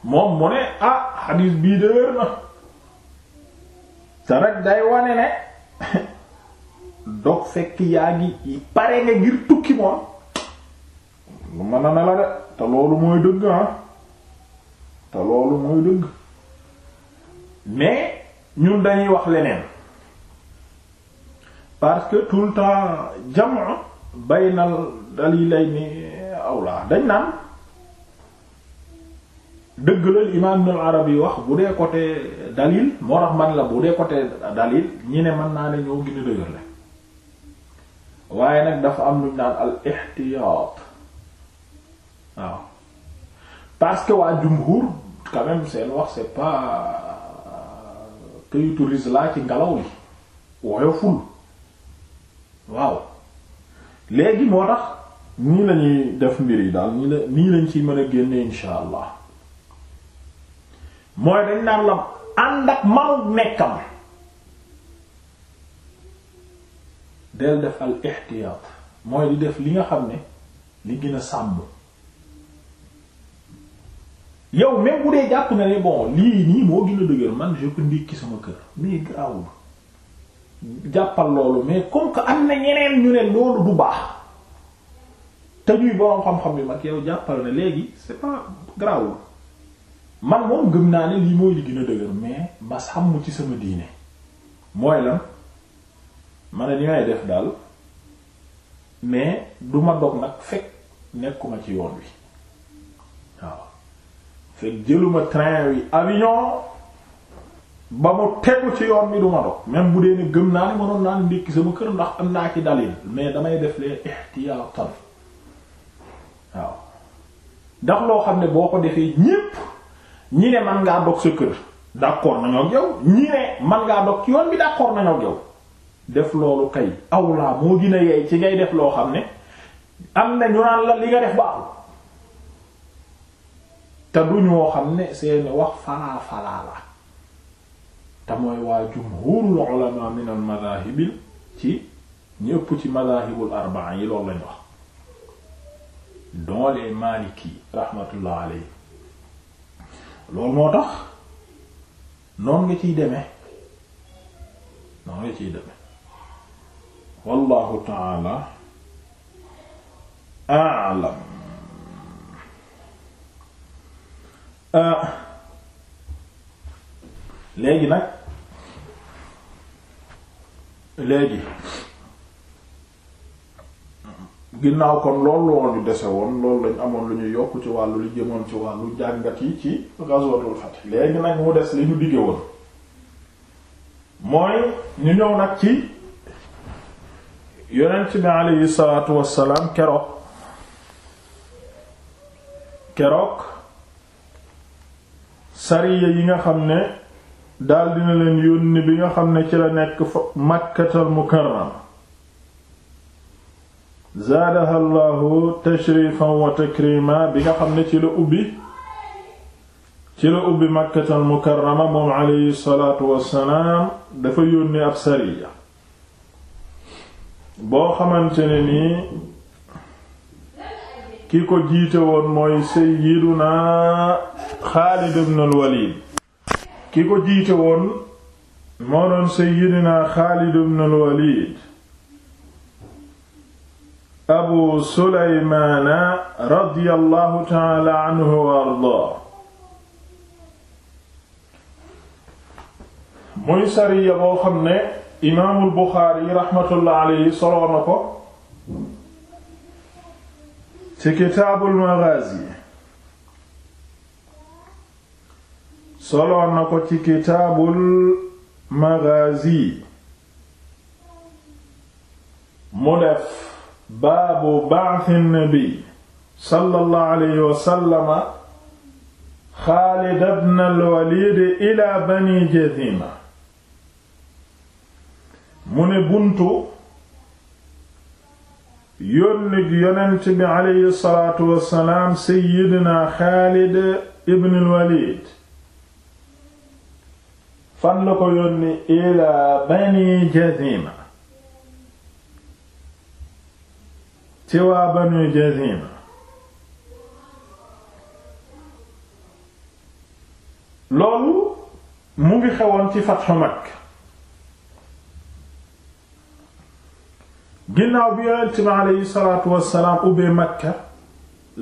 moom mu ne ah xadiis bii de wér na te rek day wane ne dog fekk yaa ngi pare nga ngir tukki moom lu mën a la de te loolu mooy dëgg ah te loolu mooy dëgg mais ñun dañuy wax leneen parce que tout le temps jamono baynal dalilayni awla dañ naan dëgg la imaam Ibn al-Arabi wax bu dee côté dalil moo tax man la bu dee côté dalil ñi ne man naa ne ñoo gën a dëgër la waaye nag dafa am lu ñu naan al waaw parce que waa jumhur quand seen wax c'est pas teyuturise laa ci ngelaw li woyoful waaw léegi moo tax nii lañuy def mbir yi daal nii la nii lañ ci mën a génne insha allah mooy dañ naan la ànd ak manu nekkam del def al ixtiyaat mooy di def li nga xam ne li gën a sàmm yow même bu dee jàpp na ni bon lii nii moo gën a dëgër man je peux ndékki sama kër mais garaawul jàppal loolu mais comme que am na ñeneen ñu ne loolu du baax te ñuy boroom xam-xam yu mag yow jàppal na léegi c'est pas garaawul man moom gëm naa ne lii mooy li gën a dëgër mais ma sàmm ci sama diine mooy lan ma ne ni may def daal mais du ma dog nag fekk nekkuma ci yoon wi waaw fekk jëluma train wi avion ba mu tegu ci yoon bi du dog même bu dee ne gëm naa ne mënoon naa ndékki sama kër ndax am naa ci dalil mais damay def lee ihtiyaatan waaw ndax loo xam ne boo ko defee ñépp ñi ne man ngaa dog sa kër d'accord nañoo ak ñi ne man ngaa dog ci yoon bi d'accord nañoo ak def loolu kay awlaa moo gën yeey ci ngay def loo xam ne am na ñu naan la li nga def baaxul te du ñoo xam ne seeni wax falaa falaa la te mooy waa jumhurul ulama min al madaahibil ci ñu ëpp ci madaahibul arbaa yi loolu lañu wax doolee maaliki rahmatullah alayhi loolu moo tax noonu nga ciy deme noonu nga ciy demee wallahu taala a'lam ah. léegi nag léegi ginnaaw kon loolu loo ñu dese woon loolu lañ amoon lu ñuy yokk ci wàllu li jëmoon ci wàllu jàngat yi ci ghazwatul fath léegi nag mu des li ñu digge woon mooy ñu ñëw nag ci yonent bi aleyhi salaatu wassalaam keroog keroog sariya yi nga xam ne daal dina leen yónni bi nga xam ne ci la nekk Makkatul Mukarram zaadaha llahu tashrifan wa takrima bi nga xam ne ci la ubbi ci la ubbi makkatal mukarrama moom aleyhi salaatu wassalaam dafa yónni ab boo xamante ne nii ki ko jiite woon mooy sayyiduna xaalid ibn al ki ko jiite woon moo doon sayyiduna xaalid ibn al abu suleymaana radiyallahu taala anhu wa ardaa muy sariya boo xam ne imaamul buxaari raxmatullah alayhi soloo na ko ci kitaabul magaazi soloo na ko ci kitaabul magaazi mu def baabu ba'thi nabi sallallahu alayhi wa sallama Xaalid ibn al-Walid ila bani Jazima mu ne buntu yónni gi yonent bi aleyhi salaatu wassalaam seyyidina Xaalid ibn al-Walid fan la ko yónni ila bani Jazima ci waa banu jazima loolu mu ngi xewoon ci fatxu Makka ginnaaw bi yonent bi aleyhi salaatu wassalaam ubbee Makka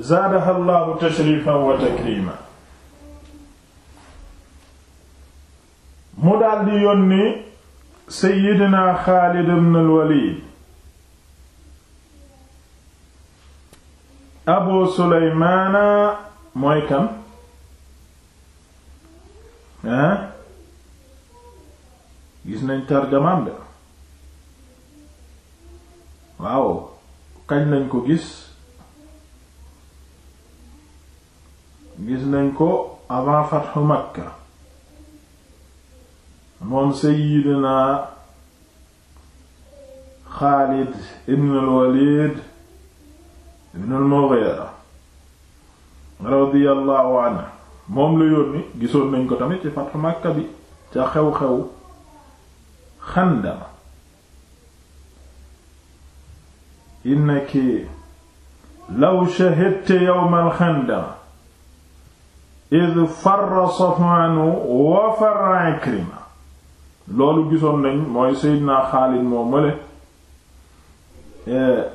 zaadaha Allahu tashrifan wa takriman mu daldi yónni Seyyidina Xaalid ibn al abu suleymaana mooy kan hein gis nañ tarjamaam de waaw kañ lañ ko gis gis nañ ko avant fatxu makka moom seyyidina xaalid ibn walid ibn al-Mughira radiyallahu anhu moom la yónni gisoon nañ ko tamit ci Fathu Makka bi ca xew-xew Xandama innaki law shahidti yawmal Xandama id farra Safwaanu wa farra Ikrima loolu gisoon nañ mooy Seydina Xaalid moo male eh,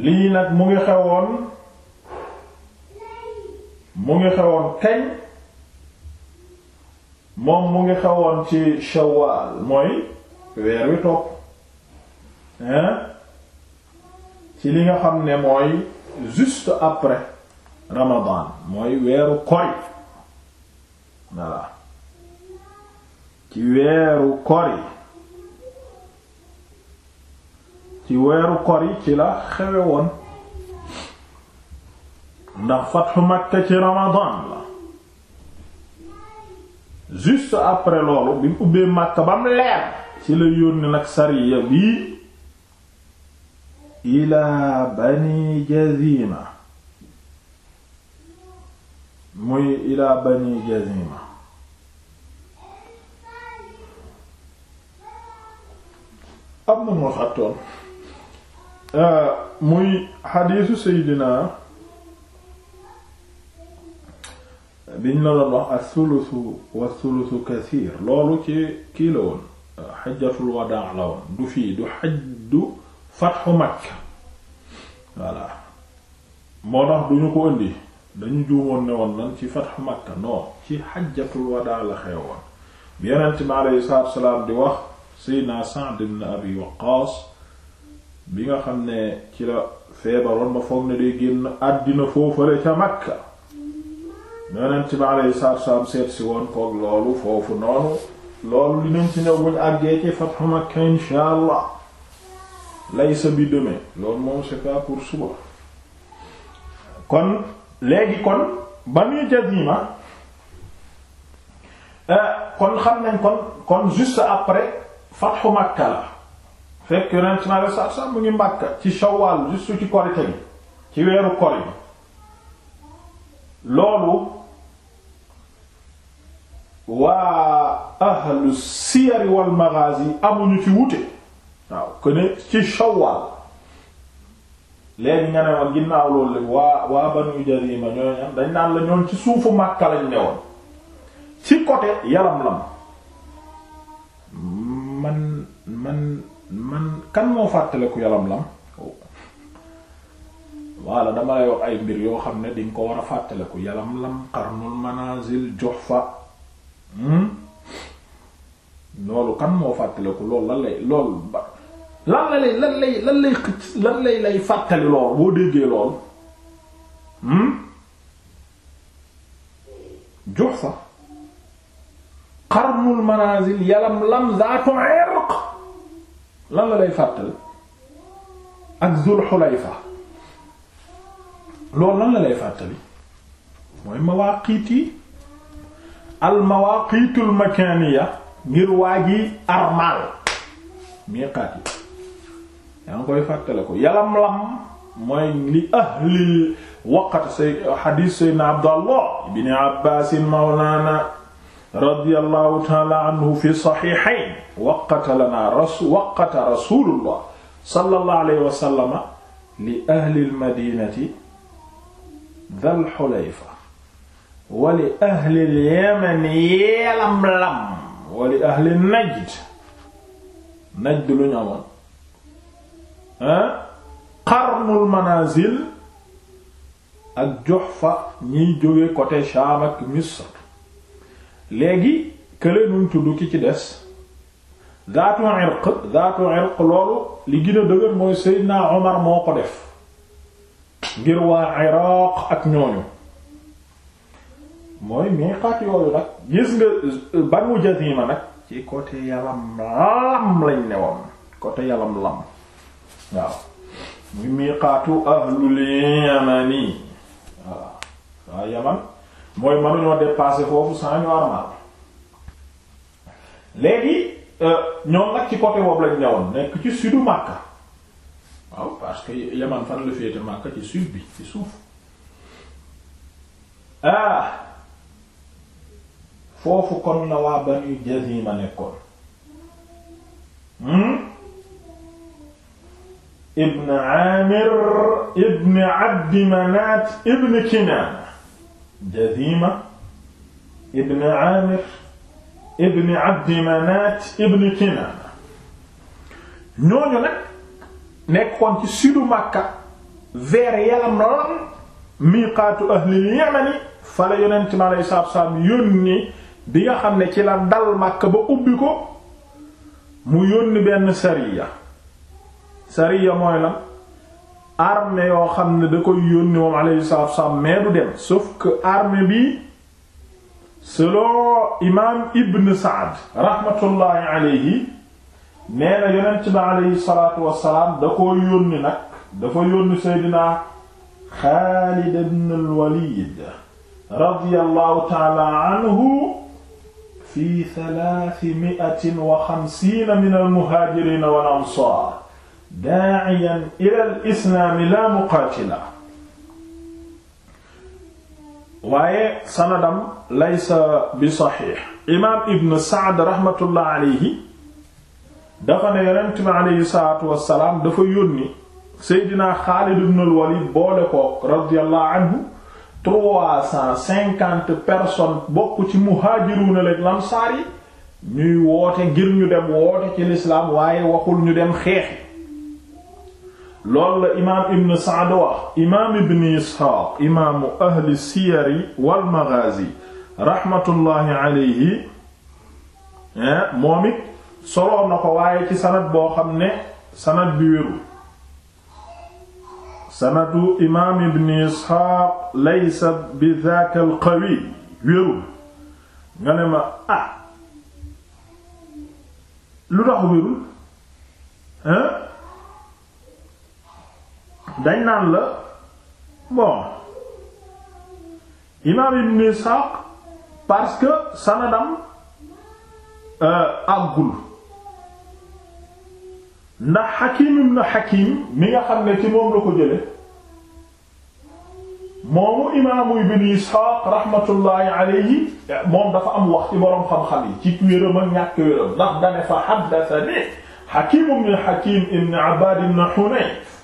lii nag mu ngi xewoon mu ngi xewoon kañ moom mu ngi xewoon ci shawaal mooy weer wi topp hein ci li nga xam ne mooy juste après ramadan mooy weeru kori voilà ci weeru kori ci weeru kor yi ci la xewe woon ndax fatxu Makka ci ramadan la juste après loolu bi mu ubbee Makka ba mu leer ci la yónni nag sariya bii ilaa bani jazima muy ilaa bani jazima am na moo xattoon Euh, muy xadiisu seydina biñ la doon wax as-sulusu wa sulusu kasiir loolu ci kii la woon xajjatul wadaa la du fii du xaj du fatxu Makka voilà moo tax duñu ko indi dañu juumoon ne woon ci fatxu Makka non ci xajjatul wadaa la xewoon bi Yonent bi aleyhi salaatu wa di wax seydina Sa'd ibn Abi Waqqaas bi nga xam ne ci la feebaroon ma foog ne day génn àddina foofale ca Makka yonent bi alayhi salaatu salaam seet si woon koog loolu foofu noonu loolu li nañ ci ñëw buñ àggee ci Fathu Makka insha allah laysa bi demee loolu moom c'est pas pour suba kon léegi kon Banu Jazima eh, kon xam nañ kon kon juste après Fathu Makka la fekk yonent naa la sax sax Makka ci Shawwal juste ci korite bi ci weeru kor bi loolu waa ahlu siyar wal maghazi amuñu ci wute waaw kon ci Shawwal léegi nga ne ma ginnaaw loolu la waa waa Banu Jazima ñooñu dañ naan la ñoom ci suufu Makka lañ newoon ci côté Yalamlam man man man kan moo fàttaliku yalam lam walla dama lay ay mbir yoo xam ne dinga ko war a fàttaliku yalam lam qarnul manazil juhfa hmm? loolu kan moo fàttaliku loolu lan lay loolu ba lan la lay lan lay lan lay xëcc hmm? juhfa qarnul manazil yalam lam zaatu 'ir lan la lay fàttali ak Zul Xulayfa lan lay fàttali mooy mawaaqiit yi al makaaniya ngir waa ji armal miiqaat yi yaa ngi koy fàttale mooy li ahli waqt say xadiis sayyidina Abdallah ibn Abbaas mawlaana radiyallahu ta'ala anhu fi sahihayn waqata lana rasul waqata rasulullah sallallahu alayhi wa sallam li ahli al-madinati dhal hulayfa wa li ahli al-yaman yalamlam wa li ahli najd najd lu ñu amoon qarnul manazil ak Juhfa ñiy jóge côté Sham ak Misr léegi kële nuñ tudd ki ci des zaatu irq zaatu irq loolu li gën a dëgër mooy Seydina Omar moo ko def ngir waa Iraq ak ñooñu mooy miiqaat yooyu nag gis nga Banu Jazima nag ci côté yalam lam lañ ne woon yalam lam waaw muy miiqaatu ahlul yamani waaw yaman mooy mënuñoo dépasser foofu sans ñu léegi euh, ñoom nag ci côté boobu lañ ñëwoon nekk ci sudu Makka waaw parce que Yaman fan la féete Makka ci sud bi ci suuf ah foofu kon la waa Banu Jazima nekkoon hmm? ibn Amir ibn Abdi Manat ibn Kinana jazima ibn amir ibn abdi manat ibn kinaana ñooñu nag nekkoon ci sudu makka vers yalam ron miiqaatu ahlil yamani fa la yonent mi aleyhi salaatu salaam yónni bi nga xam ne ci la dal makka ba ubbi ko mu yónni benn sariya sariya mooy lan armée yoo xam ne da koy yónni moom alayhi salaatu wassalaam mais du dem sauf que armée bi selon imaam Ibn Saad rahmatullahi alayhi nee na yonent bi alayhi salaatu wassalaam da koo yónni nag dafa yónni Seydina Xaalid ibn al-Walid radiyallahu ta'ala anhu fi thalathi mi'atin wa khamsina min al-muhaajiriina wal ansaar daa'iyan ilal islaami laa muqaatila waaye sanadam laysa bi saxiix imaam ibn Saad raxmatullah aleyhi dafa ne yonent bi aleyhi salaatu wassalaam dafa yónni Seydina Xaalid ibn walid boole kook radiyallahu anhu trois cent cinquante personnes bokk ci muhaajiruuna lak lansaar yi ñuy woote ngir ñu dem woote ci lislaam waaye waxul ñu dem xeexi loolu la imaam ibn Sa'd wax ibn Isxaaq imaamu ahli siyari wal maghaazi raxmatullaahi alayhi moom it soloon na ko waaye ci sanad boo xam ne sanad bi wéru sanadu imaam ibn Isxaaq laysa bi daaka al qawi wéru ma ah lu tax wérul dañ naan la bon imaam ibn Ishaq parce que sanadam euh, àggul ndax Hakim ibn Hakim mi nga xam ne ci moom la ko jële moomu imaamu ibn Ishaq rahmatullahi alayhi moom dafa am wax ci boroom xam-xam yi ci wéram ak ñàkk wéram ndax dane fa haddathani Hakim ibn Hakim ibn Abbad ibn Hunayf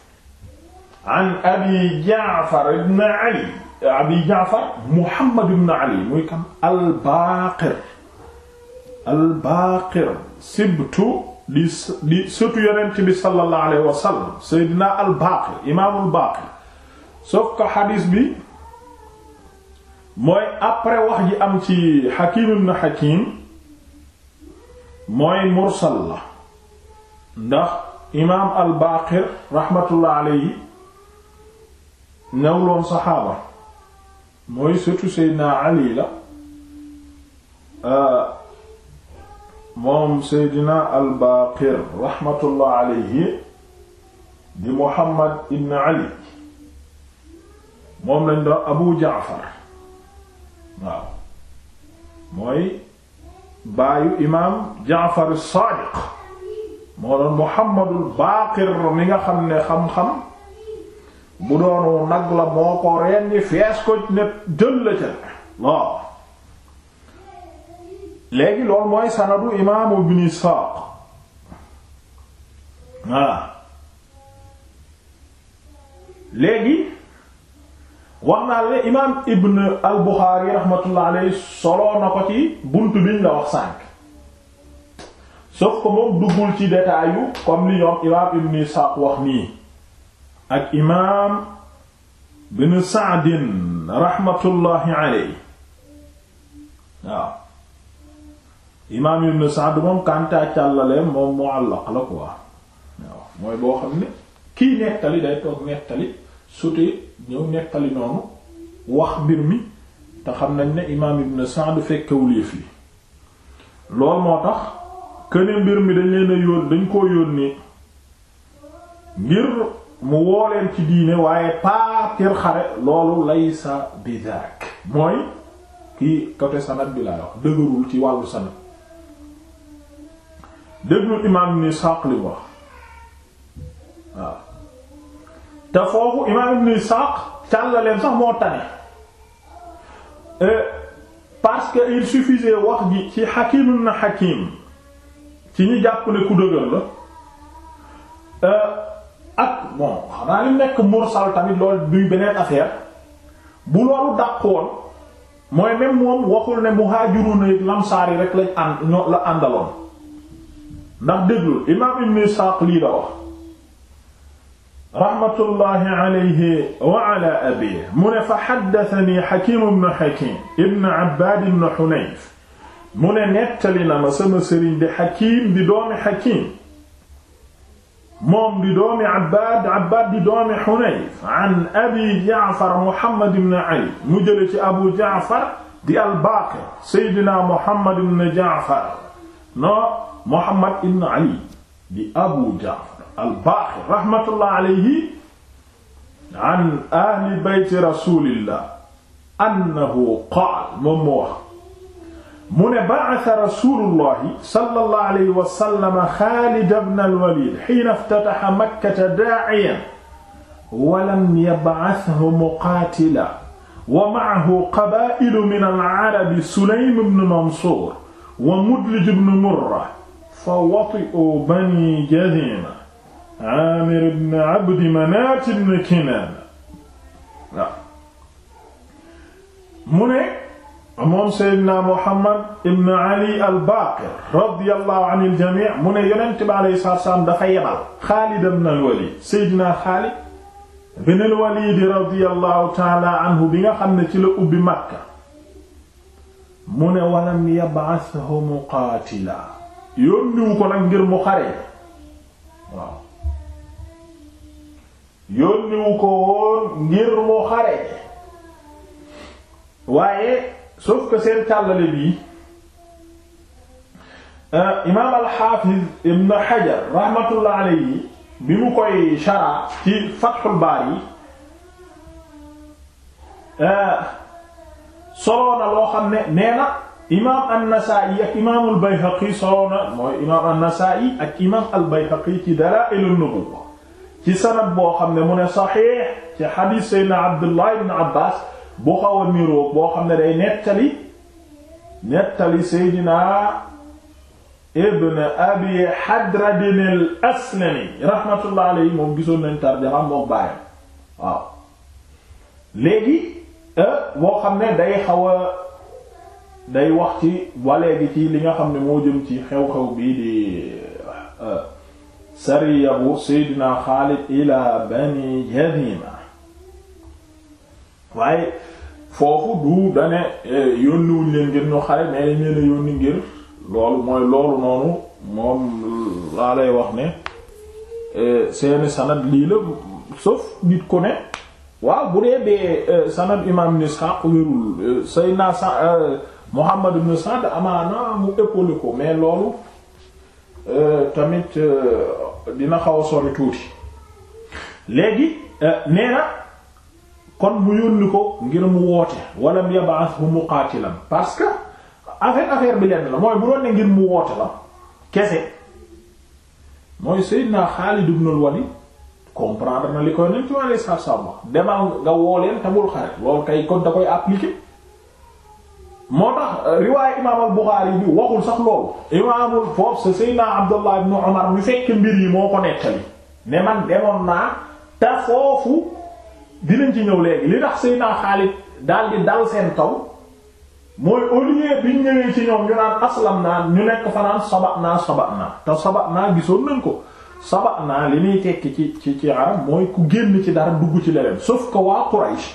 an abi jaafar ibn ali abi jaafar muhammad ibn ali muy kam al-Baqir al-Baqir sibtu di di sëtu yonent bi sallallahu alayhi wa sallam seydina al-Baqir imaamul Baqir sauf que xadiis bi mooy après wax ji am ci Hakim ibn Hakim mooy mursal la ndax imaam al-Baqir rahmatullah alayhi newloon saxaaba mooy surtout Seydina Ali la moom Seydina al-Baqir rahmatullah alayhi di Muhammad ibn Ali moom lañ doon Abu Jaafar waaw mooy baayu imaam Jaafar as-Saadiq moo doon Muhammadul Baqir mi nga xam ne xam-xam mu doonu nag la moo ko rendi fees ko ne jël la ca waaw léegi loolu mooy sanadu imaamu ibn Isaaq voilà léegi wax naa la imaam ibn al Buxaari rahmatullah alayhi soloo na ko ci bunt biñ la wax sànk sauf que moom duggul ci détail yu comme li ñoom imaam ibn Isaaq wax nii ak imaam bin saadin raxmatullaahi aley waaw imaam ibn saad moom kàntaa càllaleem moom muallaq la quoi waaw mooy boo xam ne kiy nettali day toog nettali sute ñëw nettali noonu wax mbir mi te xam nañ ne imaam ibn saad fekkewul yëf yi loolu moo tax këne mbir mi dañ leen a dañ koo yónnee ngir mu woo leen ci diine waaye pas ngir xare loolu laysa bi daak mooy kii côté sanad bi laa wax dëgërul ci wàllu sanad dëggul imaam ibn Isaaq li wax waaw te foofu imaam ibn Isaaq càllaleen sax moo tane euh, parce que il suffisait wax ji ci xakiimum na xakiim ci ñi jàpp ne ku dëgër la euh, bon xam naa li nekk mursal tamit loolu duy beneen affaire bu loolu dàqoon mooy même moom waxul ne muhajiruna yi lamsaar yi rek lañ ànd ñoo la àndaloon ndax déglul imaam ibn Isaaq lii la raxmatullahi alayhi abiihi mu ne fa xaddatani Hakiim ibn Hakiim ibn Abbaad ibn Hunayf mu nettali na ma sama sëriñ di Hakiim di doomi Hakiim moom di doomi Abbaad Abbaad di doomi Hunayf an Abi Jaafar Muhammad ibn Ali mu jële ci Abu Jaafar di al-Baaqir Seydina Muhammad ibn Jaafar no Muhammad ibn Ali di Abu Jaafar al-Baaqir rahmatullah alayhi an ahli bayti Rasulillah annahu qaala moom moo wax mu ne ba'atha rasuulullahi sallallahu alayhi wa sallam Xaalid ibn al-Waliid hiina iftataha Makkata daa'iyan wa lam yab'athu muqaatilan wa ma'ahu qabaa'ilu min al-arabi Sulaym ibn Mansuur wa Mudlij ibn Murra fa wati'u banii Jaziima Aamir ibn Abdi Manaat ibn Kinaana mu ne moom Seydina Muhammad ibn Ali al-Baqir radiyallahu anil jamii mu ne yonent bi alayhi salaatu salaam dafa yebal Xaalid ibn al-Walid Seydina Xaalid ibn al-Walid radiyallahu ta'ala anhu bi nga xam ne ci la ubbi Makka mu ne walam yab'athu muqaatila yónniwu ko nag ngir mu xare waaw yónniwu ko woon ngir mu xare waaye sauf que seen càllale bii euh, imaam alxaafiz ibn Hajar rahmatullah alayhi bi mu koy shara ci Fathul Baari euh, soloo na loo xam ne nee na imaam an-Nasaa'i ak imaamul Bayhaqi soloo na mooy imaam an-Nasaa'i ak imaam al-Bayhaqi ci Dalaa'ilun Nubuwwa ci sanad boo xam ne mu ne saxiix ci xadiis Seydina Abdullah ibn Abbaas bu xaw a niroog boo xam ne day nettali nettali seydinaa ibn abi hadradin al rahmatullah alayhi moom gisoon nañ tarjama moom bàyyam waaw euh, xam ne day xaw a day wax ci waleegi ci li nga xam ne moo jëm ci xew-xew bii di euh, sariyabu seydinaa xaalid ila bani jazima waaye foofu du dane eh, yónniwuñ leen ngir ñu xare mais dañ leen yónni ngir loolu mooy loolu noonu moom laa lay wax ne eh, seeni sanad lii la sauf nit ku ne waaw bu dee bee eh, sanad imam ibn Ishaq wérul say amaana mu épaulé ko mais loolu tamit dina xaw a sori tuuti léegi nee kon mu yónni ko ngir mu woote wala mu yab'athu muqaatilan parce que affaire affaire bi lenn la mooy bu doon ne ngir mu woote la kese mooy Seydina Xaalid ibn al-Walid comprendre na li koy nañ ci wàllu saabsaab wax demal nga woo leen te loolu kay kon da koy appliquer moo tax euh, riwaayu imaam al bi waxul sax loolu. imaamul foofu Seydina Abdullah ibn Umar mi fekk mbir yi moo ko nettali ne man demoon naa te foofu. dinañ ci ñëw léegi li tax Seydina Xaalid daal di dal seen kaw mooy au lieu biñ ñëwee ci ñoom ñu naan aslam naa ñu nekk fanaan saba naa saba naa te saba naa gisoon nañ ko saba naa li muy tekki ci ci ci arab mooy ku génn ci dara dugg ci leneen sauf que waa Quraysh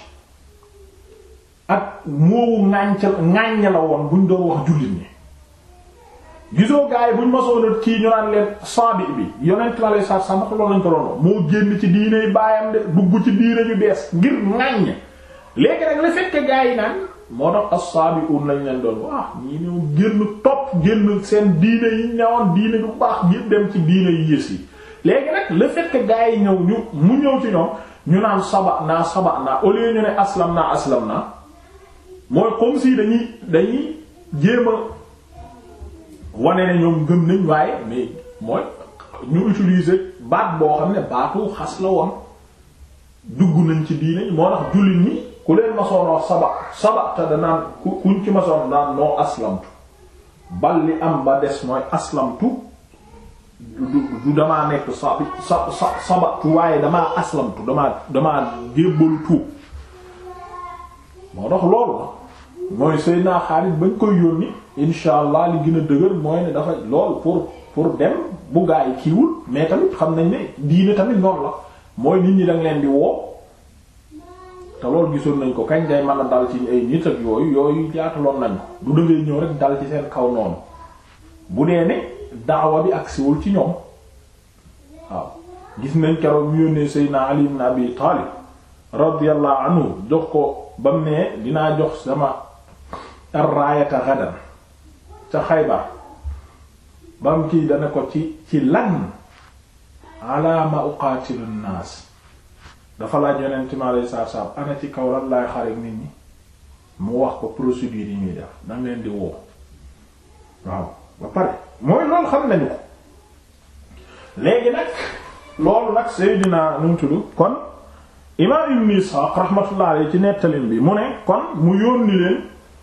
ak moowu ŋànc ŋàññ la woon buñ doon wax jullit ñi gisoo gars yi buñ masoon a kii ñu naan leen saabi bi yonent la lay saab saab ndax loolu lañ ko doon moo génn ci diine baayam de dugg ci diine ñu bees ngir ŋaññ léegi nag la fekk gars yi naan moo tax as-saabiquun lañ leen doon waaw ah, ñii ñoo génn topp génn seen diine yi ñawoon diine bu baax ngir dem ci diine yi yées yi léegi nag la fekk gars yi ñëw ñu mu ñëw ci ñoom ñu naan saba naa saba naa au lieu ñu ne aslam naa aslam naa mooy comme si dañuy dañuy jéem a wane ne ñoom gëm nañ waaye mais mooy ñu utiliser baat boo xam ne baatu xas la woon dugg nañ ci diine moo tax jullit ñi ku leen masoon saba saba te danaan ku kuñ ci masoon daan noo aslamtu bal li am ba des mooy aslamtu du du damaa nekk sa sa sa sabatu waaye damaa aslamtu damaa damaa jébbalu tuub moo tax loolu la mooy Seydina ba bañ koy yónni incha allah li gën a dëgër mooy ne dafa lool pour pour dem bu gaa yi kiiwul mais tamit xam nañ ne diine tamit noonu la mooy nit ñi da leen di woo te loolu gisoon nañ ko kañ day mën a dal ci ay nit ak yooyu yooyu jaataloon nañ ko du dëggee ñëw rek dal ci seen kaw noonu bu dee ne daawa bi agsiwul ci ñoom waaw gis nañ keroog mu yónnee Seydina Ali ibn Abi Talib radiyallahu anhu jox ko ba mu ne dinaa jox sama. ar-raayata ghadan ca Xaybar bam kii dana ko ci ci lan ala ma naas dafa laaj yonent mi alayhi salaatu salaam ana ci kaw lan laay xare nit ñi mu wax ko procédure yi ñuy def dang leen di woo waaw ba pare mooy loolu xam nañu ko léegi nag loolu nag Seydina nu mu tudd kon imaam Ibn Isaaq rahmatullah alayhi ci nettalim bi mu ne kon mu yónni leen